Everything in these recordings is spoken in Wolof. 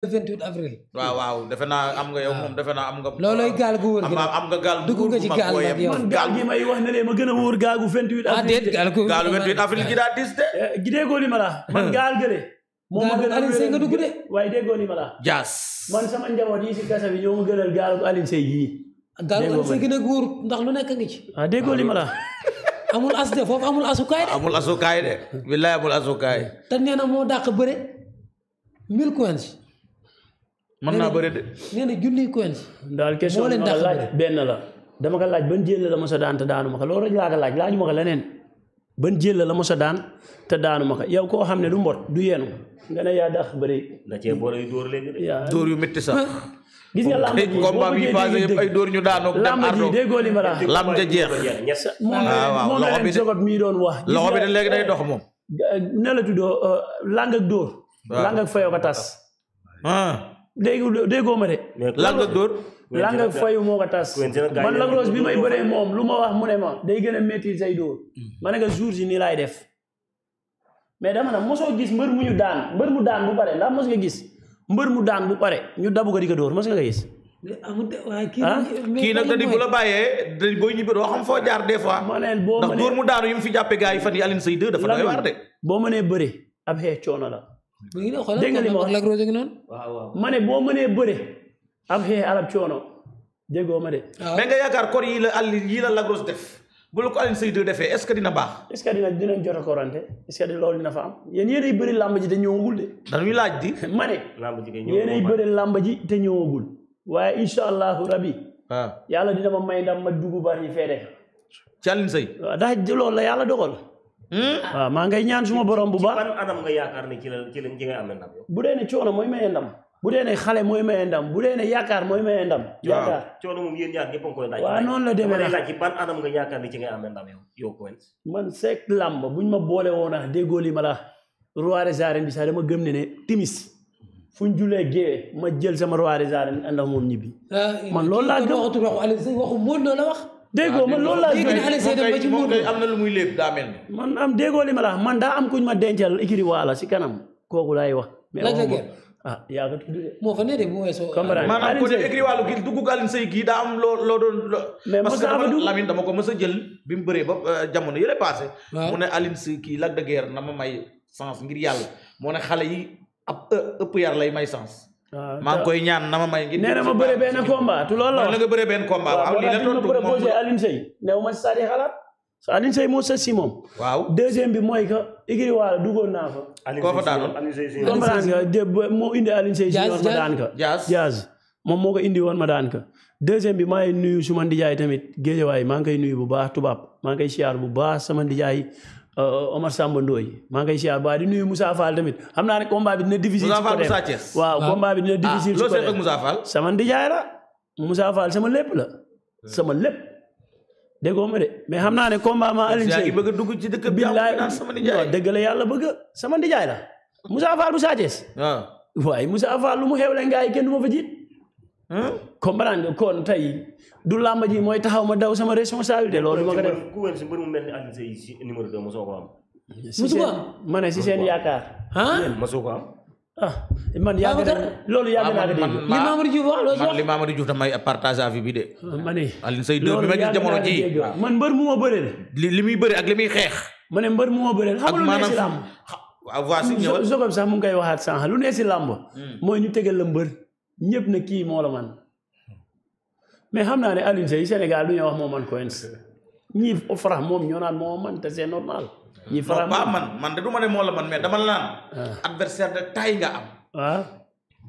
28 avril. waaw waaw defe naa am nga yow ah. moom defe naa am nga. loolooy gaal gu wóor gi nag am nga gaal gu nga ci gaal nag yow. man gaal gi may wax ne de ma gën a wóor ah, gaal gu 28. avril ah gi daa dis de. li eh, ma la man gaal gële. moom a nga dugg waaye déggoo li ma la. jaas man sama njaboot yi si kasa bi ñoo ma gënal gaal gu Alioune Seye gii. gaal gu Alioune Seye gën a wóor ndax lu nekk nga ci. ah déggoo li ma amul as de foofu amul asukaay de. amul asukaay de. billaay amul asukaay. te na moo daq bëre mille coins man naa bëri de. nee na junniy coins. daal benn la. dama ko laaj ban jël la mos daan te daanu ma laa ko laaj ban jël la mos a te daanu ma yow koo xam ne du mbot du yenu nga ne yaa dàq bëri. da cee boole yu dóor léegi de. dóor yu métti la làmb ja jeex moom ah, moom la doon wax loxo bi de léegi day dox moom la tuddoo euh, làng ak dóor làng ak fayoo ko tas ah. léegi déggoo ma de. langa dóor langa fayu moo ko tas. man Lac Rose bi may bëree moom lu ma wax mu ne ma day gën a métti say dóor. Hmm. ma ne ko jours yi nii laay def mais dama na mosoo gis mbër mu ñu daan mbër mu daan bu pare ndax mos nga gis mbër mu daan bu pare ñu dabu ko di ko dóor mos nga ko gis. Ah? kii nag da di bu la bàyyee da xam foo jaar des fois. ma ne boo ma ne ndax dóor mu daanu yi mu fi jàppee gars yi fan yi Alioune Seye 2 dafa doy waar de. boo mënee bëri ab xeex coono la. dégg nga li ma wax waaw waaw ma ne boo mënee bëre ak xeex arab coono déggoo ma de. mais nga yaakaar kor yi la àll yi la lagros def bu la ko Alioune Seye defee est-ce que baax. est-ce a loolu dina am yéen yéenay bëri làmb ji te ñëwagul de. dañuy laaj di. ma ne. làmb ji yéenay bëri làmb ji te ñëwagul. waaye incha allahu rabi. Ah. yàlla dina ma may ndam ma dugg bari fee de. ci Alioune Seye. waaw ndax la yàlla dogal. waaw hmm? ah, maa ngay ñaan suma borom bu ba ban anam nga yaakaar ne ci la ci la ci ngay amee ndam bu dee ne coono mooy maye ndam bu dee ne xale mooy maye ndam bu a noonu la demee laaj ci ban anam nga yaakaar ne ci ngay amee ndam ma boole woon a la roi des arènes bi sax dama gëm ne ne timis fu ñu julee ma jël sama roi des arènes ànd ak moom ñibbi ah, man loolu laa gëm waxu Modou Lo la wax déggoo man loolu laa dégg am na lu muy lépp daa man am déggoo li ma la man daa am kuñ ma dencal ikiri waala si kanam kooku laay wax ah yaa ko tudd de. moo fa ne de bu weesoo. maanaam dugg Alioune Seye gii daa am loo loo doon. mais parce que Lamine dama ko mës a jël bi mu bëree ba euh, jamono yële passé. mu ne Alioune kii Lac de na ma may sens ngir yàlla moo ne xale yi ab ëpp yar lay may sens. Ah, maa ngi koy ñaan na ma may. ngir nee na ma bëre benn combat tu loolu la. la nga bëre benn combat waaw lii la tontu moom proposé Alioune Seye néew ma sa di xalaat Alioune Seye moo sa si moom. waaw deuxième bi mooy que Igri Wala duggoon naa fa. koo fa daanoon Alioune Seye comprendre nga de moo indi Alioune Seye. jaaz ma daan ka jaaz moom moo ko indi woon ma daan ka deuxième bi maa ngi nuyu suma ndijaay tamit géejawaay maa ngi koy nuyu bu baax tubaab maa ngi koy siyaar bu baax sama ndijaay Uh, Omar Samba Ndoye maa ngay siyaar ba di nuyu Moussa Fall tamit xam naa ne combat bi dina difficile. Moussa waaw combat bi dina ah, difficile. ci sama ndijaay la Moussa sama lépp la sama lépp déggoo ma de mais xam naa ne combat ma Alioune Seye. bëgg dugg ci dëkk bi sama ndijaay dëgg la yàlla bëgg sama ndijaay la Moussa bu Sa Thiès. waaw ah. waaye Moussa lu mu xewle ngaay kenn du ma fa comprendre hmm? kon tey du làmb ji mooy taxaw ma daw sama responsabilité loolu. ma ko def ku wér si mbër mu mel ni Alioune Seye si si seen yaakaar. ah am. ah man yàgg na loolu yàgg naa ko ah, dégg. li Mamadou Diouf wax loolu man damay partage avis bi de. Ah, ma ne Alioune Seye 2 bi ma gis jamono ji ah. man mbër mu ma bëreel. li li muy bëri ak li muy xeex. ma ne mbër mu ma bëreel xam lu ne si làmb. mu koy waxaat sànq lu ne si làmb. Hmm. mooy ñu tegal la mbër ñëpp ne kii moo la man mais xam naa ne Alioune Seye Sénégal du ñu wax moo man Coins ñi farax moom ñoo naan moo man te c'est normal. ñi farax moom man man de du ma ne moo la man mais dama la naan. Ah. adversaire de taille nga am. waaw ah.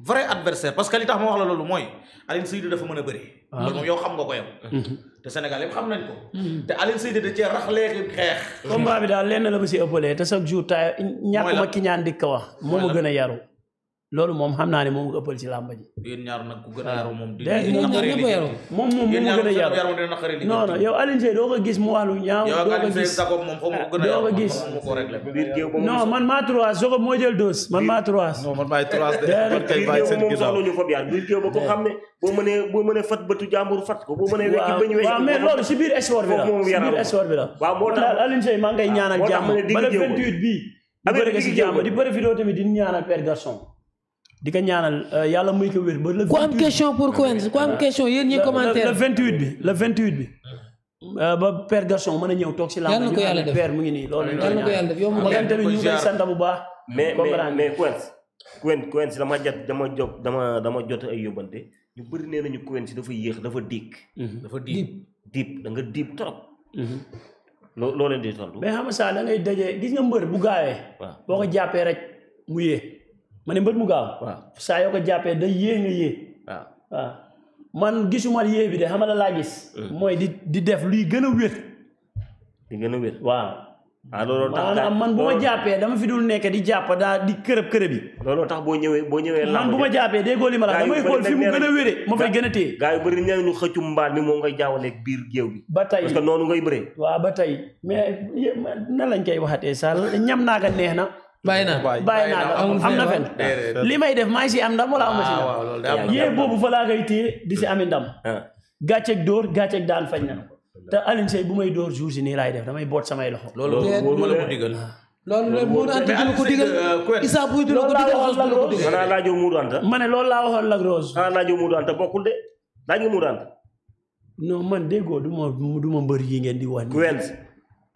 vrai adversaire parce que li tax ma wax la loolu mooy Alioune Seye dafa mën a bëri. waaw ah. loolu moom yow xam nga ko yow. Mhm. te Sénégal yëpp xam nañ ko. Mhm. te Alioune Seye da cee rax léegi xeex. combat bi daal lenn la ba si ëppalee te chaque jour taay ñàkk ma ki ñaan wax moo ma gën a yaru. loolu moom xam naa ne moom nga ëppal ci làmba ji. yéen ñaar nag ku gën a yaru moom. dinañ dinañ naqaree liggéey moom moom moom a gën a yaru non non yow Alioune Seye doo ko gis mu wax lu ñaaw. doo ko gis doo ko gis. non man maa trois soo ko moo jël dos man maa trois. non man maa trois de. man kay bàyyi seen ginnaaw biir géew moom soxla ñu fa biar biir géew ba ko xam ne boo mënee boo mënee fat bëtu jàmbur fat ko boo mënee wekki bañ wekki waaw mais loolu si biir sport bi la si biir sport bi la waaw moo tax Alioune Seye maa ngay ñaanal jàmm ba le 28 bii di bëri si jàmm di bëri fi doo tamit di ñaanal père garçon di ko ñaanal euh, yàlla muy ko wér ba le. ku am question pour Quench ku am question yéen ñi commentaire bi euh, ba père Gaston mën a ñëw toog si làmb. yàlla ko yàlla def mu ngi nii loolu. yàlla na ko yàlla def yow mu ngi tamit dama jot dama jot dama dama jot ay yóbbante ñu bëri nee nañu Quench dafa yéex dafa diig. Mhm. dafa diig diib da nga diib trop. Mhm. loo loo leen di tontu. mais xam nga da daje gis nga mbër bu gaawee. waaw boo ko jàppee rek mu yee. ma ne mbër mu gaaw. waaw saa yoo ko jàppee da yee nga yee. waaw man bi de xam la laa gis. Hmm. mooy di di def luy gën a wér. di gën a wér waaw. ah looloo tax maanaam man bu ma jàppee dama fi dul nekk di jàpp daa di kërëb kërëb yi. tax boo ñëwee boo ñëwee. man bu ma jàppee déggoo li ma la damay xool fi mu gën a wéree ma fay gën a téye. gaa yu bëri nee ñu xëccu mbaal ni moom ngay jaawaleeg biir géew bi. ba tey parce noonu ngay bëree. waaw ba tey mais nan lañ koy waxatee ñam naa ko neex na bàyyi naa bàyyi naa am na fen li may def maa ngi am ndam wala ah, am na boobu fa laa di si ami ndam ah. gàcceeg dóor gàcceeg daan fañ na te bu may dóor jour si nii laay def damay boot samay loxo loolu moo la ko digal loolu Modou euh, ma ne loolu laa waxoon Lac Rose xanaa laajoo Modou Anta bokkul de laaj nga Modou Anta man déggoo du ma du ma mbër yi ngeen di wax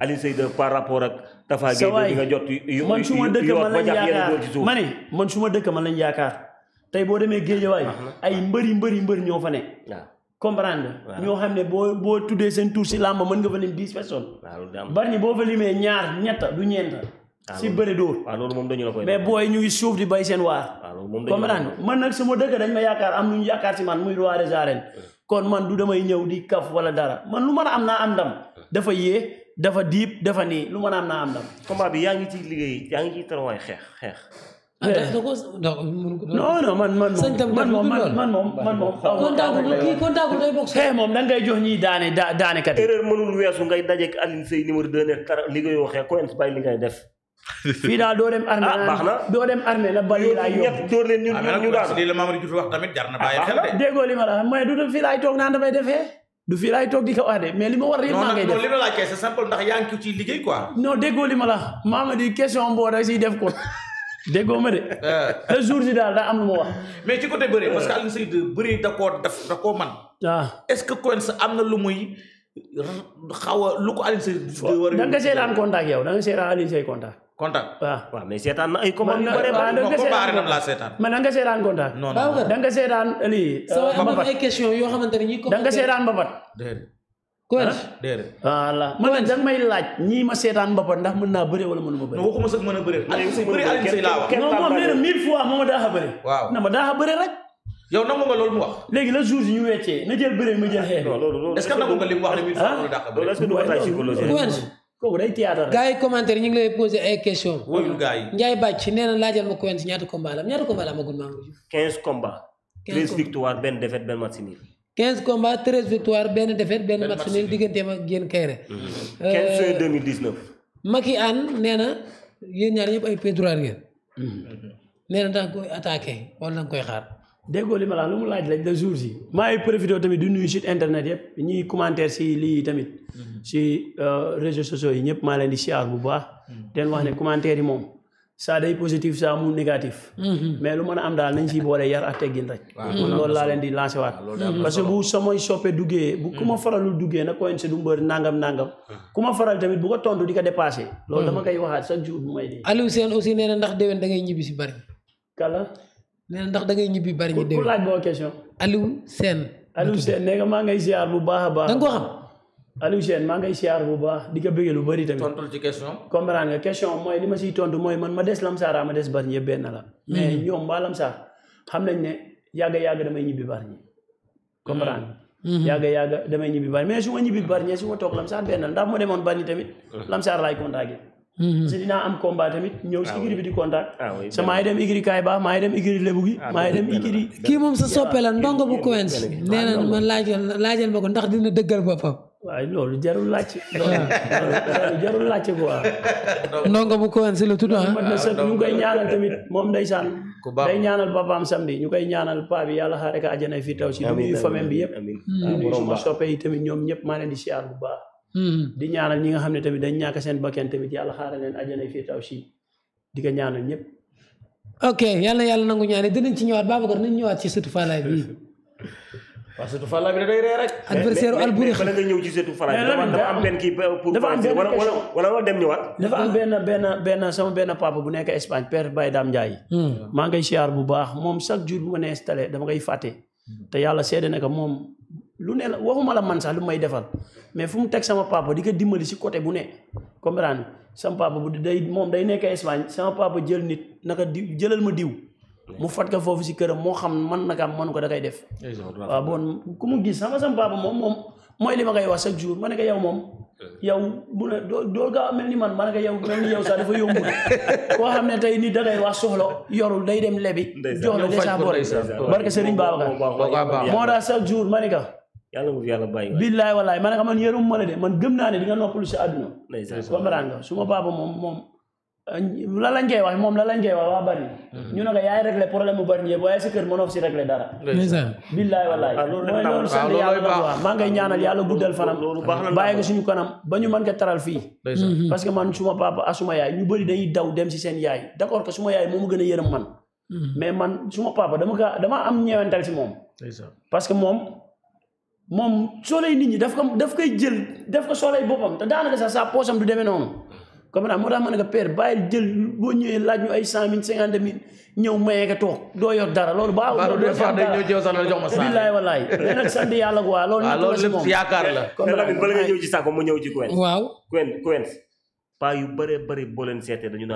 Alioune Seye rapport ak. Tafa Gueye nga jot yu man su ma dëkk man lañ yaakaar ma ne man su ma dëkk man yaakaar tey boo demee Géejawaay ay mbëri mbëri mbëri ñoo fa ne. comprendre ñoo xam ne boo boo tuddee seen tour si làmb mën nga fa lim dix personnes. bari ñi boo fa limee ñaar ñett du ñeent. Ah, si bëri dóor. Ah, mais booy ñu ngi suuf di bay seen waar. Ah, comprendre man nag suma dëkk dañ ma yaakaar am nuñ ñu yaakaar si man muy roi des kon man du damay ñëw di kaf wala dara man lu man am naa am ndam dafa yee dafa diib dafa nii lu ma naan naa am ndam. combat bi yaa ngi ci liggéey yaa ngi ci taxawaay xeex xeex. Ah, eh. non non man man moom man moom man moom. xeex eh, moom da ngay jox ñiy daane daane kat. erreur mënul weesu ngay dajeeg Alioune Seye numéro 2 nekk kara liggéeyoo xeex ko bàyyi li ngay def. fii daal doo dem armée la ah, baax na doo dem armée la bali laa yóbbu ah, lii la Mamadou Diouf wax tamit jar na bàyyi ma la mooy du fii laay toog naan damay defee. du fii laay toog di ko wax de mais li ma war a yëpp maa ngay def non li ma la c'est simple ndax yaa ngi ci liggéey quoi. non déggoo li ma la maa ma di question boo da siy def ko déggoo ma de. Eh. le jour daal daa am lu ma mais ci côté bëre eh. parce que Alioune Seye bëre da koo def da koo man ah est-ce que Quench am na lu muy xaw a lu ko Alioune Seye. war a da nga seetaan contact yow da nga seetaan Alioune Seye contact waaw waaw mais seetaan na eh, ay combat yu bëri la seetaan mais da nga seetaan contact eh, non non da nga seetaan lii ay question yoo xamante ne ñi ko da nga seetaan mbapat déedéet coach déedéet voilà ma da nga may laaj ñii ma seetaan mbapat ndax mën naa bëri wala mënu ma bëri non waxuma sax mën a bëri Aliou Seye bëri Aliou Seye laa wax non moom na mille fois mooma daaxa bëri na ma daaxa bëri rek nga loolu wax léegi la jour ñu weccee na jël bëri ma jël xeex est-ce que nangu nga li mu wax ne mille fois mu daaxa bëri kooku day théâtre rek yi commentaire ñu ngi lay posé ay questions. wóyul gars yi Ndiaye Bàcc nee na laajal ma Quench ñaata combat la ñaata combat la amagul maa ngi. 15 combats. 15 combats 13 victoires benn défaite benn match nul. 15 combats 13 benn défaite benn match digganteem ak Diène Kairé. 15 mhm. euh, juin 2019. Macky Anne nee na yéen ñaar ñëpp ay pieds droits ngeen. Mhm. nee na da nga koy attaqué wala da koy xaar. déggoo li ma la lu mu laaj lañ la jours yi maa ngi tamit du nuyu site internet yëpp ñuy commentaire si lii tamit mhm. si euh, réseaux sociaux yi ñëpp maa leen di siyaar bu baax mhm. den wax ne commentaire yi moom saa day positif saa mu négatif mhm. lu mën a am daal nañ si boole yar ak teggin rek loolu laa leen di lancé waat parce que bu samay soppe duggee ma faralul duggee na koyn si du nangam nangam ah. ku ma faral tamit bu ko di ko dépassé loolu dama koy waxaat chaque jour bu may dee Aliou Sène aussi nee na ndax déwén dangay ñibbi si bari kala nee na ndax da ngay ñibbi bari ñu dégg. pour laaj boo question. Aliou Sène. Aliou Sène nee nga maa ngay ziar bu baax a baax. da nga ko maa ngay ziar bu baax di ko bëggee lu bari tamit. tontul ci question. comprendre nga question mooy li ma siy tontu mooy man ma des Lamsaar ma des bari ñëpp benn la. Hmm. mais ñoom waa Lamsaar xam nañ ne yàgg yàgg damay ñibbi bari ñi. comprendre yàgga yàgga damay ñibbi bari hmm. hmm. mais su ma ñibbi bari ñi su ma toog Lamsaar benn la ndax moo demoon bari ñi tamit. Lamsaar laay contacté. parce mm-hmm. que dinaa am combat tamit ñëw si ah igri bi di contact ah sa maa dem igri kaay baax maay dem igri lébu gi ah, maa ngi dem igri kii moom sa soppe la ndongo bu Quench nee na laajal ma ko ndax dina dëggal boppam waaye loolu jarul laajte jarul laajte quoi ndongo bu Quench la tudd ah mat na sëkk ñu ngi koy ñaanal tamit moom ndeysaan day ñaanal papaam samedi ñu koy ñaanal paa yàlla xaare ko àjjana fii taw si du nuyu bi yëpp du nuyu suma soppe yi tamit ñoom ñëpp maa leen si siyaar bu baax Mm-hmm. di ñaanal ñi nga xam ne tamit dañ ñàkk seen bakken tamit yàlla xaaral leen àjjana fii taw si di ko ñaanal ñëpp. ok yàlla yàlla nangu ñaane dinañ ci ñëwaat Babacar nañ ñëwaat ci sëtu Falaay bi. dafa am benn benn sama benn papa bu nekk Espagne père Baye Dame Ndiaye. Hmm. maa ngay siyaar bu baax moom chaque jour bu ma nee installé dama koy fàtte. Hmm. te yàlla seede na moom lu ne la waxuma la man sax lu may defal mais fu mu teg sama papa di ko dimbali si côté bu ne comprendre sama papa bu day moom day nekk Espagne sama papa jël nit naka diw jëlal ma diw. mu fat ko foofu si këram moo xam man naka am man ko da koy def. waaw ku mu gis sama sama papa moom moom mooy li ma koy wax chaque jour ma ne yow moom. yow mu ne doo a mel ni man ma ne ko yow mel ni sax koo xam ne tey ni da ngay wax soxla day dem lebi. jox la déjà bor barke Serigne Babacar jour ma ne yàlla bu fi yàlla bàyyi billaay wallaay man xam man yërëm ma la de man gëm naa ne di si àdduna comprendre nga su moom moom euh, la lañ koy wax moom la lañ koy wax waa bari hmm. ñu ne ko yaay réglé problème bu bari yëpp waaye sa kër mënoo si réglé dara billaay wallaay ah, mooy loolu sant ah, yàlla la waa maa ngay ñaanal yàlla guddal fanam ba ñu mën ko taral fii hmm. parce que man suma papa ak suma yaay ñu bëri dañuy daw dem si seen yaay d'accord que suma yaay moomu gën a yërëm man hmm. mais man suma papa dama am ñeewental si moom parce moom moom sooley nit ñi daf ko daf koy jël daf ko sooley boppam te daanaka sax saa poosam du demee noonu. comme moo tax ma ne ko père bàyyil jël boo ñëwee laaj ñu ay cent mille ka toog doo yor dara loolu baaxul. loolu day far day ñëw sax jox ma loolu. waaw loolu lépp la. comme bala nga ñëw ci saako mu ñëw ci Quench. waaw Quench Quench. paa yu bëree bëri boo leen seetee dañu naan.